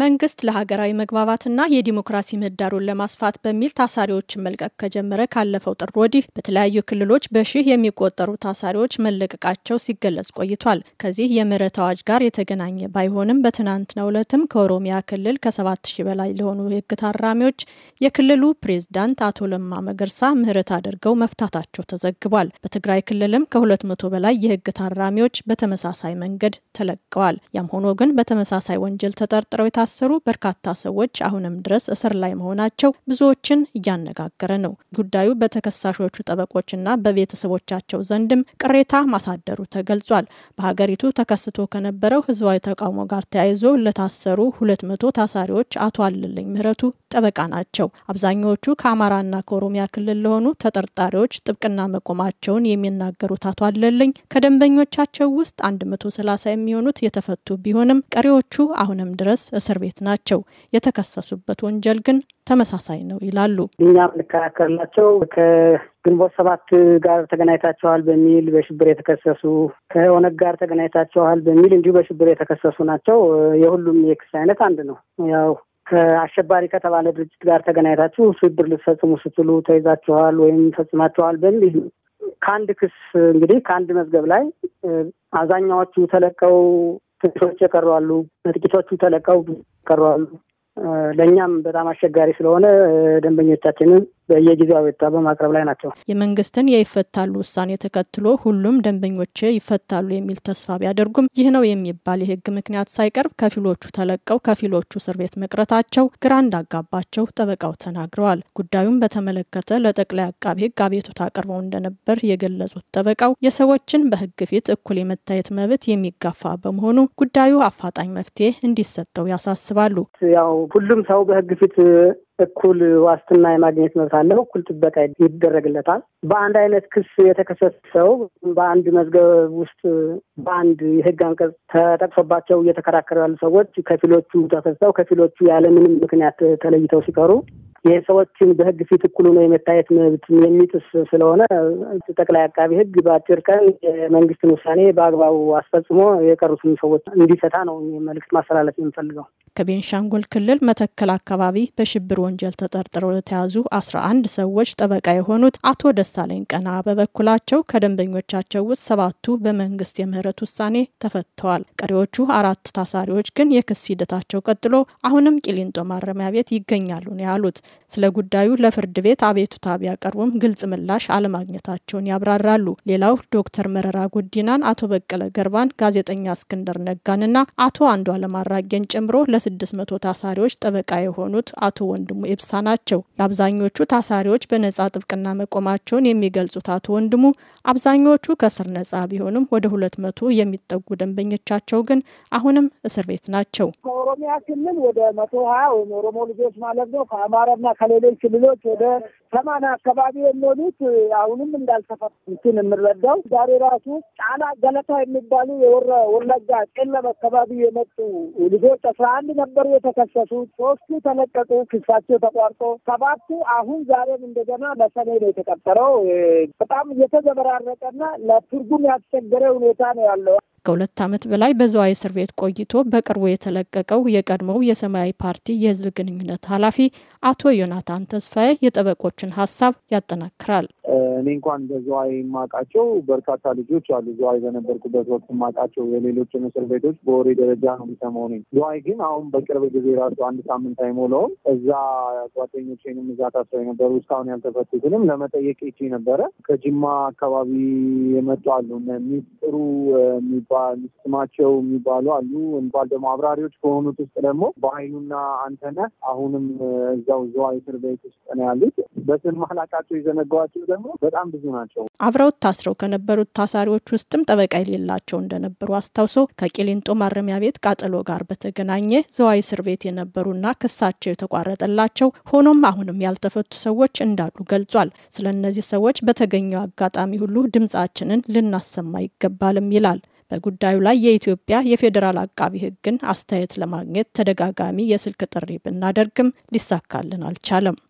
መንግስት ለሀገራዊ መግባባትና የዲሞክራሲ ምህዳሩን ለማስፋት በሚል ታሳሪዎችን መልቀቅ ከጀመረ ካለፈው ጥር ወዲህ በተለያዩ ክልሎች በሺህ የሚቆጠሩ ታሳሪዎች መለቀቃቸው ሲገለጽ ቆይቷል። ከዚህ የምህረት አዋጅ ጋር የተገናኘ ባይሆንም በትናንትናው ዕለትም ከኦሮሚያ ክልል ከሰባት ሺህ በላይ ለሆኑ የህግ ታራሚዎች የክልሉ ፕሬዝዳንት አቶ ለማ መገርሳ ምህረት አድርገው መፍታታቸው ተዘግቧል። በትግራይ ክልልም ከሁለት መቶ በላይ የህግ ታራሚዎች በተመሳሳይ መንገድ ተለቀዋል። ያም ሆኖ ግን በተመሳሳይ ወንጀል ተጠርጥረው የታሰሩ በርካታ ሰዎች አሁንም ድረስ እስር ላይ መሆናቸው ብዙዎችን እያነጋገረ ነው። ጉዳዩ በተከሳሾቹ ጠበቆችና በቤተሰቦቻቸው ዘንድም ቅሬታ ማሳደሩ ተገልጿል። በሀገሪቱ ተከስቶ ከነበረው ህዝባዊ ተቃውሞ ጋር ተያይዞ ለታሰሩ ሁለት መቶ ታሳሪዎች አቶ አለልኝ ምህረቱ ጠበቃ ናቸው። አብዛኛዎቹ ከአማራና ከኦሮሚያ ክልል ለሆኑ ተጠርጣሪዎች ጥብቅና መቆማቸውን የሚናገሩት አቶ አለልኝ ከደንበኞቻቸው ውስጥ 130 የሚሆኑት የተፈቱ ቢሆንም ቀሪዎቹ አሁንም ድረስ እስር እስር ቤት ናቸው። የተከሰሱበት ወንጀል ግን ተመሳሳይ ነው ይላሉ። እኛ የምንከራከርላቸው ከግንቦት ሰባት ጋር ተገናኝታችኋል በሚል በሽብር የተከሰሱ ከኦነግ ጋር ተገናኝታችኋል በሚል እንዲሁ በሽብር የተከሰሱ ናቸው። የሁሉም የክስ አይነት አንድ ነው። ያው ከአሸባሪ ከተባለ ድርጅት ጋር ተገናኝታችሁ ሽብር ልትፈጽሙ ስትሉ ተይዛችኋል ወይም ፈጽማችኋል በሚል ከአንድ ክስ እንግዲህ ከአንድ መዝገብ ላይ አብዛኛዎቹ ተለቀው ትንሾች የቀሯሉ፣ ጥቂቶቹ ተለቀው ቀሯሉ። ለእኛም በጣም አስቸጋሪ ስለሆነ ደንበኞቻችንን በየጊዜው አቤቱታ በማቅረብ ላይ ናቸው። የመንግስትን የይፈታሉ ውሳኔ ተከትሎ ሁሉም ደንበኞች ይፈታሉ የሚል ተስፋ ቢያደርጉም ይህ ነው የሚባል የህግ ምክንያት ሳይቀርብ ከፊሎቹ ተለቀው ከፊሎቹ እስር ቤት መቅረታቸው ግራ እንዳጋባቸው ጠበቃው ተናግረዋል። ጉዳዩን በተመለከተ ለጠቅላይ አቃቢ ህግ አቤቱታ አቅርበው እንደነበር የገለጹት ጠበቃው የሰዎችን በህግ ፊት እኩል የመታየት መብት የሚጋፋ በመሆኑ ጉዳዩ አፋጣኝ መፍትሄ እንዲሰጠው ያሳስባሉ። ያው ሁሉም ሰው በህግ ፊት እኩል ዋስትና የማግኘት መብት አለው። እኩል ጥበቃ ይደረግለታል። በአንድ አይነት ክስ የተከሰሰ ሰው በአንድ መዝገብ ውስጥ በአንድ የህግ አንቀጽ ተጠቅሶባቸው እየተከራከሩ ያሉ ሰዎች ከፊሎቹ ተከሰው ከፊሎቹ ያለምንም ምክንያት ተለይተው ሲቀሩ የሰዎችን ሰዎችን በህግ ፊት እኩል ሆኖ የመታየት መብት የሚጥስ ስለሆነ ጠቅላይ አቃቢ ህግ በአጭር ቀን የመንግስትን ውሳኔ በአግባቡ አስፈጽሞ የቀሩትን ሰዎች እንዲፈታ ነው መልዕክት ማስተላለፍ የምፈልገው። ከቤንሻንጉል ክልል መተከል አካባቢ በሽብር ወንጀል ተጠርጥረው ለተያዙ አስራ አንድ ሰዎች ጠበቃ የሆኑት አቶ ደሳለኝ ቀና በበኩላቸው ከደንበኞቻቸው ውስጥ ሰባቱ በመንግስት የምህረት ውሳኔ ተፈትተዋል። ቀሪዎቹ አራት ታሳሪዎች ግን የክስ ሂደታቸው ቀጥሎ አሁንም ቂሊንጦ ማረሚያ ቤት ይገኛሉ ነው ያሉት። ስለ ጉዳዩ ለፍርድ ቤት አቤቱታ ቢያቀርቡም ግልጽ ምላሽ አለማግኘታቸውን ያብራራሉ። ሌላው ዶክተር መረራ ጉዲናን፣ አቶ በቀለ ገርባን፣ ጋዜጠኛ እስክንድር ነጋንና አቶ አንዱ አራጌን ጨምሮ ለስድስት መቶ ታሳሪዎች ጠበቃ የሆኑት አቶ ወንድሙ ኤብሳ ናቸው። ለአብዛኞቹ ታሳሪዎች በነጻ ጥብቅና መቆማቸውን የሚገልጹት አቶ ወንድሙ አብዛኞቹ ከእስር ነጻ ቢሆኑም ወደ ሁለት መቶ የሚጠጉ ደንበኞቻቸው ግን አሁንም እስር ቤት ናቸው። ከኦሮሚያ ክልል ወደ መቶ ሀያ ወይም ኦሮሞ ልጆች ማለት ነው ከአማራ እና ከሌሎች ክልሎች ወደ ሰማንያ አካባቢ የሚሆኑት አሁንም እንዳልተፈትን የምንረዳው ዛሬ ራሱ ጫላ ገለታ የሚባሉ የወለጋ ቄለም አካባቢ የመጡ ልጆች አስራ አንድ ነበሩ የተከሰሱት። ሶስቱ ተለቀቁ፣ ክሳቸው ተቋርጦ ሰባቱ አሁን ዛሬም እንደገና ለሰኔ ነው የተቀጠረው። በጣም የተዘበራረቀና ለትርጉም ያስቸገረ ሁኔታ ነው ያለው። ከሁለት ዓመት በላይ በዝዋይ እስር ቤት ቆይቶ በቅርቡ የተለቀቀው የቀድሞው የሰማያዊ ፓርቲ የህዝብ ግንኙነት ኃላፊ አቶ ዮናታን ተስፋዬ የጠበቆችን ሀሳብ ያጠናክራል። እኔ እንኳን በዝዋይ የማውቃቸው በርካታ ልጆች አሉ። ዝዋይ በነበርኩበት ወቅት የማውቃቸው የሌሎች እስር ቤቶች በወሬ ደረጃ ነው የሚሰማው ነኝ። ዝዋይ ግን አሁን በቅርብ ጊዜ ራሱ አንድ ሳምንት አይሞላውም እዛ ጓደኞቼንም እዛ ታስረው የነበሩ እስካሁን ያልተፈቱትንም ለመጠየቅ ይቺ ነበረ። ከጅማ አካባቢ የመጡ አሉ ሚስጥሩ ስማቸው የሚባሉ አሉ። እንኳን ደግሞ አብራሪዎች ከሆኑት ውስጥ ደግሞ በሀይሉና አንተነህ አሁንም እዛው ዝዋይ እስር ቤት ውስጥ ነው ያሉት። በስም አላቃቸው የዘነጓቸው ደግሞ በጣም ብዙ ናቸው። አብረውት ታስረው ከነበሩት ታሳሪዎች ውስጥም ጠበቃ የሌላቸው እንደነበሩ አስታውሶ ከቂሊንጦ ማረሚያ ቤት ቃጠሎ ጋር በተገናኘ ዘዋይ እስር ቤት የነበሩና ክሳቸው የተቋረጠላቸው ሆኖም አሁንም ያልተፈቱ ሰዎች እንዳሉ ገልጿል። ስለ እነዚህ ሰዎች በተገኘው አጋጣሚ ሁሉ ድምጻችንን ልናሰማ ይገባልም ይላል። በጉዳዩ ላይ የኢትዮጵያ የፌዴራል አቃቢ ሕግን አስተያየት ለማግኘት ተደጋጋሚ የስልክ ጥሪ ብናደርግም ሊሳካልን አልቻለም።